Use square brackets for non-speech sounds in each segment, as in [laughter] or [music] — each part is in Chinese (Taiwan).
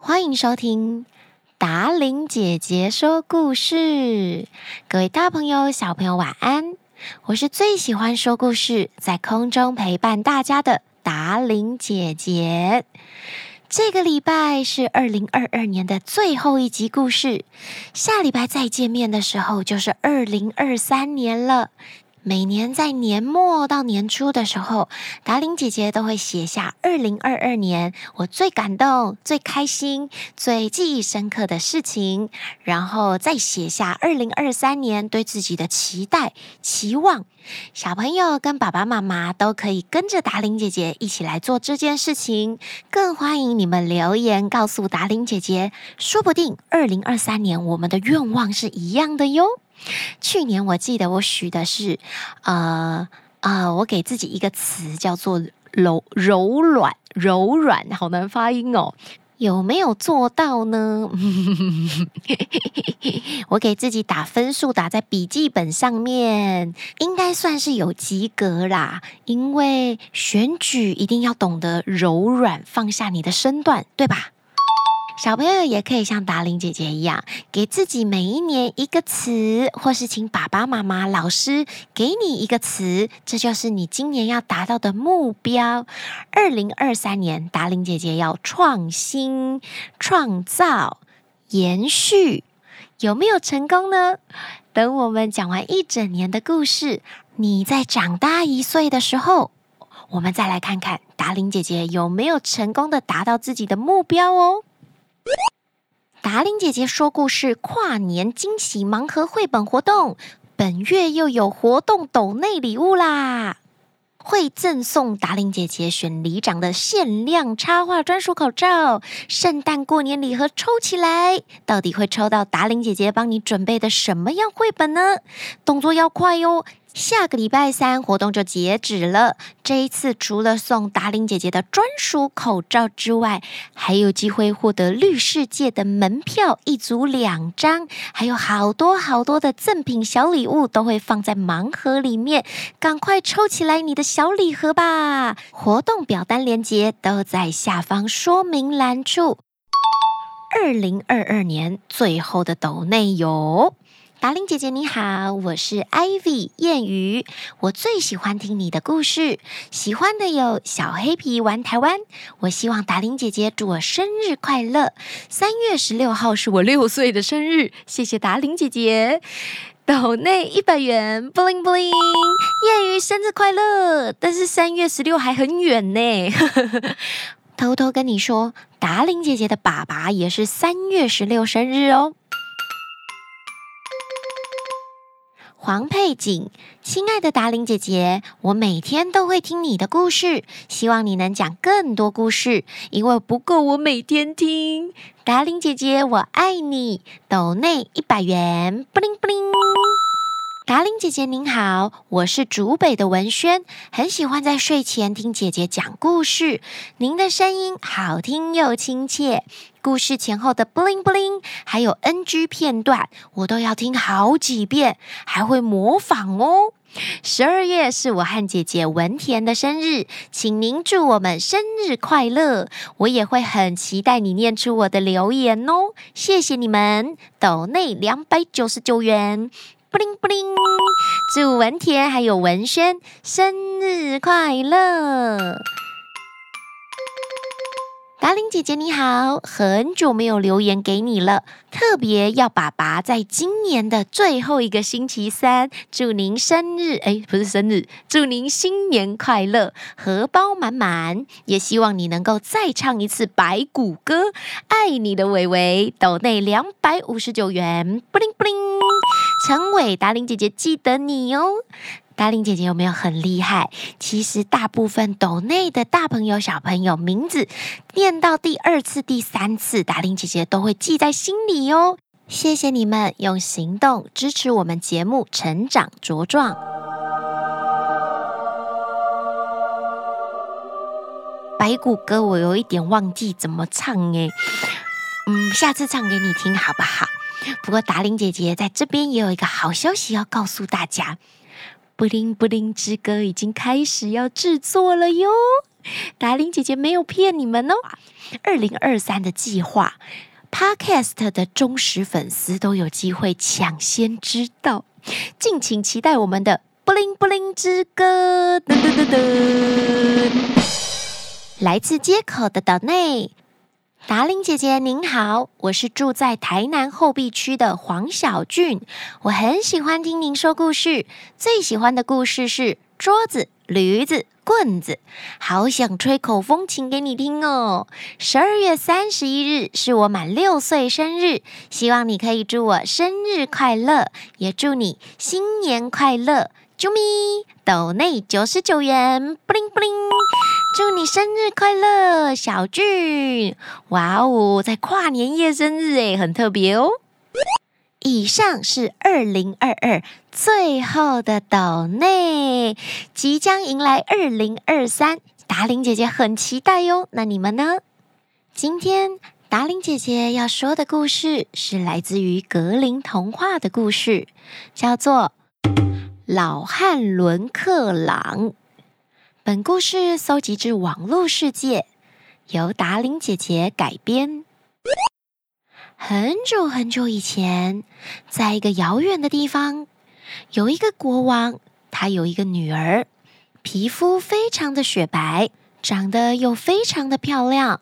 歡迎收聽達伶姐姐說故事，各位大朋友、小朋友晚安！我是最喜歡說故事，在空中陪伴大家的達伶姐姐。這個禮拜是二零二二年的最後一集故事，下禮拜再見面的時候就是二零二三年了。每年在年末到年初的時候，達伶姐姐都會寫下二零二二年我最感動、最開心、最記憶深刻的事情，然後再寫下二零二三年對自己的期待、期望。小朋友跟爸爸媽媽都可以跟着達伶姐姐一起來做這件事情，更歡迎你們留言告訴達伶姐姐，說不定二零二三年我們的願望是一樣的喲。去年我記得我許的是，呃，啊、呃，我給自己一個詞叫做柔柔軟柔軟，好難發音哦。有沒有做到呢？ [laughs] 我給自己打分數，打在筆記本上面，應該算是有及格啦。因為選舉一定要懂得柔軟，放下你的身段，對吧？小朋友也可以像達伶姐姐一樣，給自己每一年一個詞，或是請爸爸媽媽、老師給你一個詞，這就是你今年要達到的目標。二零二三年，達伶姐姐要創新、創造、延續，有沒有成功呢？等我們講完一整年的故事，你在長大一歲的時候，我們再來看看達伶姐姐有沒有成功的達到自己的目標哦。達伶姐姐說故事跨年驚喜盲盒繪本活動，本月又有活動斗內禮物啦！會贈送達伶姐姐選里長的限量插畫專屬口罩，聖誕過年禮盒抽起來，到底會抽到達伶姐姐幫你準備的什麼樣繪本呢？動作要快哦！下個禮拜三活動就截止了。這一次除了送達伶姐姐的專屬口罩之外，還有機會獲得綠世界的門票一組兩張，還有好多好多的贈品小禮物都會放在盲盒裡面，趕快抽起來你的小禮盒吧！活動表單鏈接都在下方說明欄處。二零二二年最後的斗內遊。達伶姐姐你好，我是 Ivy 艷瑜，我最喜歡聽你的故事，喜歡的有小黑皮玩台灣。我希望達伶姐姐祝我生日快樂，三月十六號是我六歲的生日，謝謝達伶姐姐。抖內一百元，bling bling，艷瑜生日快樂！但是三月十六還很遠呢， [laughs] 偷偷跟你說，達伶姐姐的爸爸也是三月十六生日哦。黃佩錦，親愛的達伶姐姐，我每天都會聽你的故事，希望你能講更多故事，因為不夠我每天聽。達伶姐姐，我愛你。抖內一百元，布靈布靈。達伶姐姐您好，我是竹北的文軒，很喜歡在睡前聽姐姐講故事。您的聲音好聽又親切，故事前後的 “bling bling”，還有 NG 片段，我都要聽好幾遍，還會模仿哦。十二月是我和姐姐文田的生日，請您祝我們生日快樂！我也會很期待你念出我的留言哦。謝謝你們，斗內兩百九十九元。不靈不靈！祝文田還有文軒生日快樂！達伶姐姐你好，很久沒有留言給你了，特別要爸爸在今年的最後一個星期三祝您生日，哎、欸，不是生日，祝您新年快樂，荷包滿滿，也希望你能夠再唱一次白骨歌，愛你的偉偉，抖內兩百五十九元，不靈不靈。陳偉，達伶姐姐記得你哦。達伶姐姐有沒有很厲害？其實大部分斗內的大朋友、小朋友名字念到第二次、第三次，達伶姐姐都會記在心裡哦。謝謝你們用行動支持我們節目成長茁壯。白骨歌我有一點忘記怎麼唱誒、哎，嗯，下次唱給你聽好不好？不過，達伶姐姐在這邊也有一個好消息要告訴大家，《布靈布靈之歌》已經開始要製作了喲。達伶姐姐沒有騙你們哦，二零二三的計劃，Podcast 的忠實粉絲都有機會搶先知道，敬請期待我們的《布靈布靈之歌》。噔噔噔噔，來自街口的斗內。達伶姐姐您好，我是住在台南後壁區的黃小俊，我很喜歡聽您說故事，最喜歡的故事是桌子、驢子、棍子，好想吹口風琴給你聽哦。十二月三十一日是我滿六歲生日，希望你可以祝我生日快樂，也祝你新年快樂。啾咪，斗內九十九元，布靈布靈。祝你生日快樂，小俊！哇哦，在跨年夜生日哎，很特別哦。以上是二零二二最後的斗內，即將迎來二零二三。達伶姐姐很期待喲。那你們呢？今天達伶姐姐要說的故事是來自於格林童話的故事，叫做《老漢倫克朗》。本故事蒐集自網絡世界，由達伶姐姐改編。很久很久以前，在一個遙遠的地方，有一個國王，他有一個女兒，皮膚非常的雪白，長得又非常的漂亮。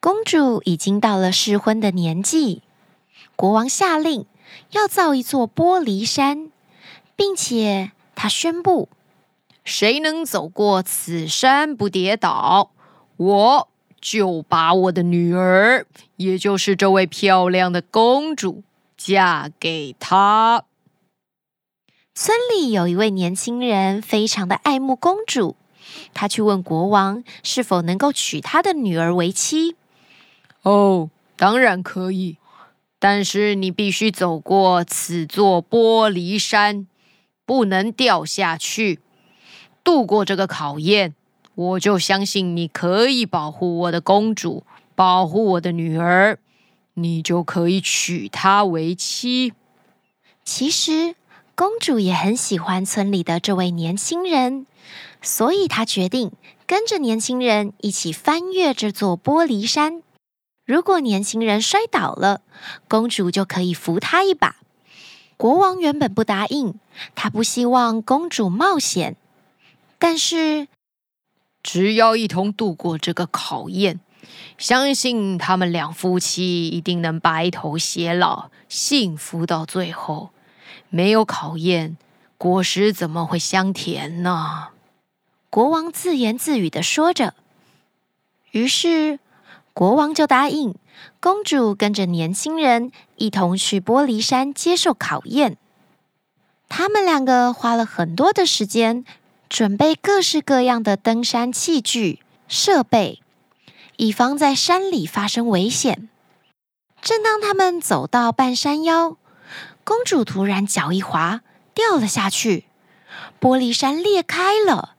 公主已經到了適婚的年紀，國王下令要造一座玻璃山，並且他宣布。誰能走過此山不跌倒，我就把我的女兒，也就是這位漂亮的公主，嫁給他。村裡有一位年輕人，非常的愛慕公主，他去問國王是否能夠娶他的女兒為妻。哦，當然可以，但是你必須走過此座玻璃山，不能掉下去。度過這個考驗，我就相信你可以保護我的公主，保護我的女兒，你就可以娶她為妻。其實，公主也很喜歡村裡的這位年輕人，所以她決定跟着年輕人一起翻越這座玻璃山。如果年輕人摔倒了，公主就可以扶他一把。國王原本不答應，他不希望公主冒險。但是，只要一同度過這個考驗，相信他們兩夫妻一定能白頭偕老，幸福到最後。沒有考驗，果實怎麼會香甜呢？國王自言自語地說着。於是，國王就答應公主，跟着年輕人一同去玻璃山接受考驗。他們兩個花了很多的時間。準備各式各樣的登山器具設備，以防在山裡發生危險。正當他們走到半山腰，公主突然腳一滑，掉了下去。玻璃山裂開了，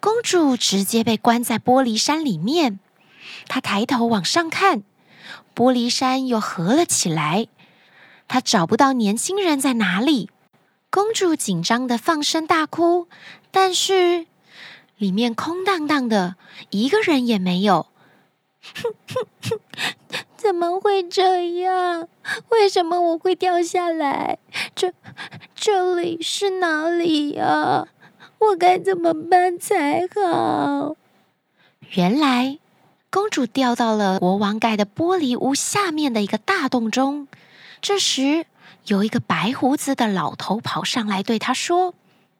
公主直接被關在玻璃山裡面。她抬頭往上看，玻璃山又合了起來。她找不到年輕人在哪裡。公主緊張地放聲大哭。但是，裡面空蕩蕩的，一個人也沒有。 [laughs] 怎麼會這樣？為什麼我會掉下來？這這裡是哪裡呀、啊？我該怎麼辦才好？原來，公主掉到了國王蓋的玻璃屋下面的一個大洞中。這時，有一個白鬍子的老頭跑上來，對她說。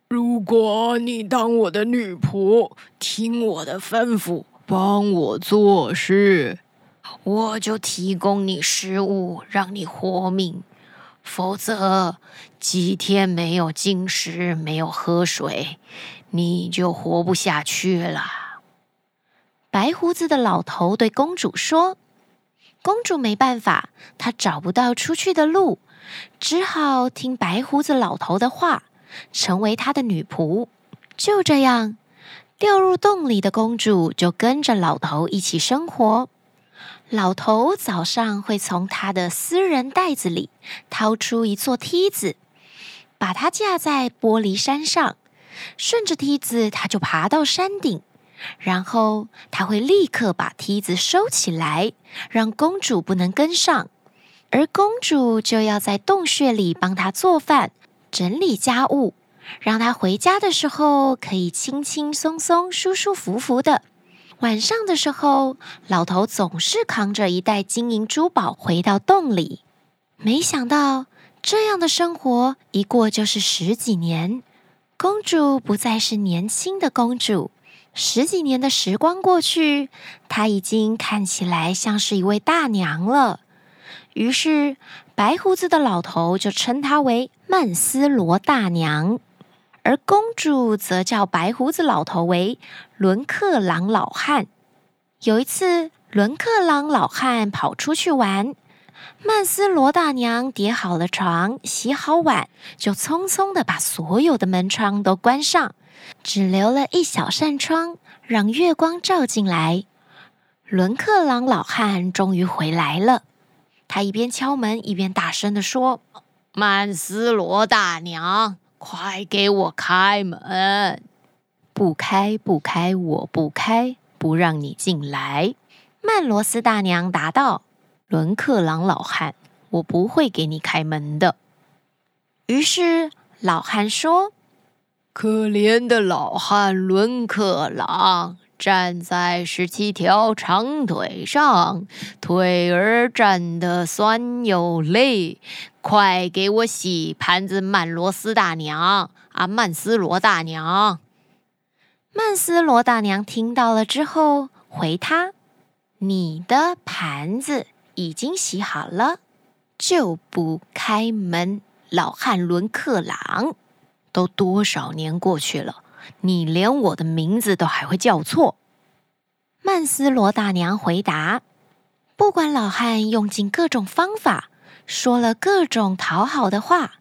如果你當我的女僕，聽我的吩咐，幫我做事，我就提供你食物，讓你活命；否則，幾天沒有進食，沒有喝水，你就活不下去了。白鬍子的老頭對公主說，公主沒辦法，她找不到出去的路，只好聽白鬍子老頭的話。成為他的女僕，就這樣，掉入洞裡的公主就跟着老頭一起生活。老頭早上會從他的私人袋子裡掏出一座梯子，把它架在玻璃山上，順着梯子他就爬到山頂，然後他會立刻把梯子收起來，讓公主不能跟上，而公主就要在洞穴裡幫他做飯。整理家務，讓他回家的時候可以輕輕鬆鬆、舒舒服服的。晚上的時候，老頭總是扛着一袋金銀珠寶回到洞裡。沒想到，這樣的生活一過就是十幾年。公主不再是年輕的公主，十幾年的時光過去，她已經看起來像是一位大娘了。於是，白鬍子的老頭就稱他為曼斯羅大娘，而公主則叫白鬍子老頭為倫克朗老漢。有一次，倫克朗老漢跑出去玩，曼斯羅大娘疊好了床，洗好碗，就匆匆地把所有的門窗都關上，只留了一小扇窗，讓月光照進來。倫克朗老漢終於回來了。他一邊敲門，一邊大聲地說：“曼斯羅大娘，快給我開門！不開，不開，我不開，不讓你進來。”曼羅斯大娘答道：“倫克朗老漢，我不會給你開門的。”於是老漢說：“可憐的老漢倫克朗。”站在十七條長腿上，腿兒站得酸又累。快給我洗盤子，曼羅斯大娘啊，曼斯羅大娘。曼斯羅大娘聽到了之後，回他：“你的盤子已經洗好了，就不開門。”老漢倫克朗，都多少年過去了？你連我的名字都還會叫錯，曼斯羅大娘回答。不管老漢用盡各種方法，說了各種討好的話，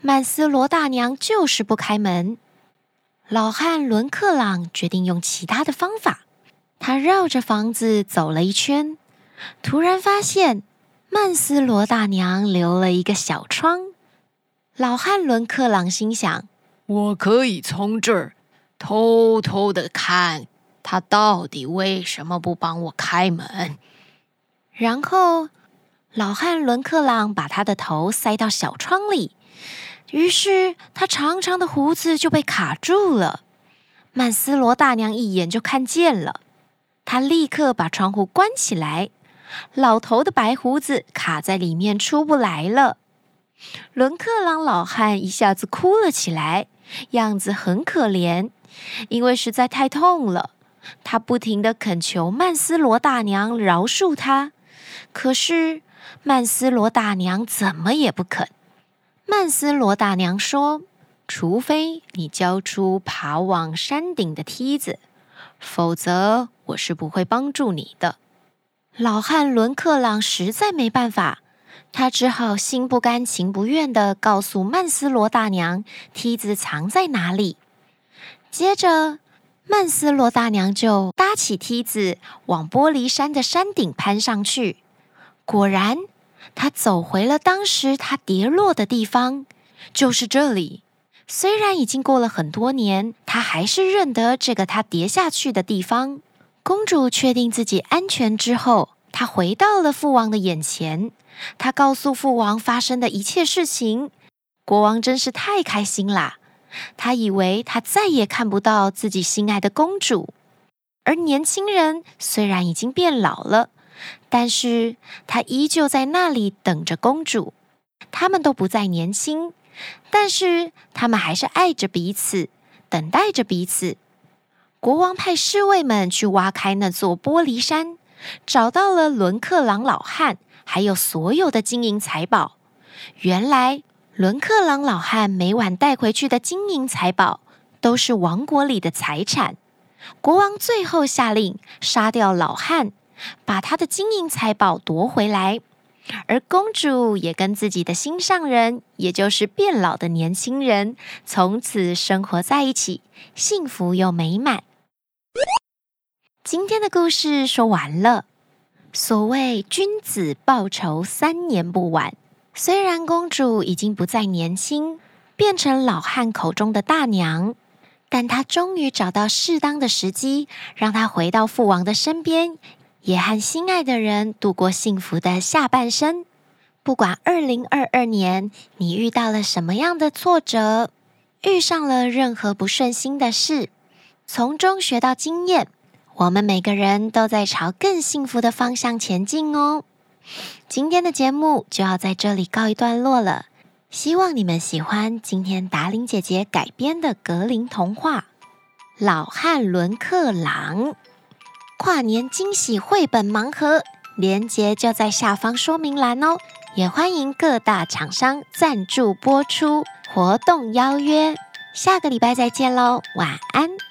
曼斯羅大娘就是不開門。老漢倫克朗決定用其他的方法。他繞着房子走了一圈，突然發現曼斯羅大娘留了一個小窗。老漢倫克朗心想：我可以從這兒。偷偷的看他到底為什麼不幫我開門？然後老漢倫克朗把他的頭塞到小窗裡，於是他長長的鬍子就被卡住了。曼斯羅大娘一眼就看見了，她立刻把窗戶關起來，老頭的白鬍子卡在裡面出不來了。倫克朗老漢一下子哭了起來，樣子很可憐。因為實在太痛了，他不停地懇求曼斯羅大娘饒恕他，可是曼斯羅大娘怎麼也不肯。曼斯羅大娘說：“除非你交出爬往山頂的梯子，否則我是不會幫助你的。”老漢倫克朗實在沒辦法，他只好心不甘情不願地告訴曼斯羅大娘梯子藏在哪裡。接着，曼斯洛大娘就搭起梯子往玻璃山的山頂攀上去。果然，她走回了當時她跌落的地方，就是這裡。雖然已經過了很多年，她還是認得這個她跌下去的地方。公主確定自己安全之後，她回到了父王的眼前，她告訴父王發生的一切事情。國王真是太開心啦！他以為他再也看不到自己心愛的公主，而年輕人雖然已經變老了，但是他依舊在那裡等着公主。他們都不再年輕，但是他們還是愛着彼此，等待着彼此。國王派侍衛們去挖開那座玻璃山，找到了倫克朗老漢，還有所有的金銀財寶。原來，倫克朗老漢每晚帶回去的金銀財寶都是王國裡的財產。國王最後下令殺掉老漢，把他的金銀財寶奪回來。而公主也跟自己的心上人，也就是變老的年輕人，從此生活在一起，幸福又美滿。今天的故事說完了。所謂君子報仇，三年不晚。雖然公主已經不再年輕，變成老漢口中的大娘，但她終於找到適當的時機，讓她回到父王的身邊，也和心愛的人度過幸福的下半生。不管2022年你遇到了什麼樣的挫折，遇上了任何不順心的事，從中學到經驗，我們每個人都在朝更幸福的方向前進哦。今天的節目就要在這裡告一段落了，希望你們喜歡今天達伶姐姐改編的格林童話《老漢倫克朗》跨年驚喜繪本盲盒，連結就在下方說明欄哦。也歡迎各大廠商贊助播出活動邀約，下個禮拜再見嘍，晚安。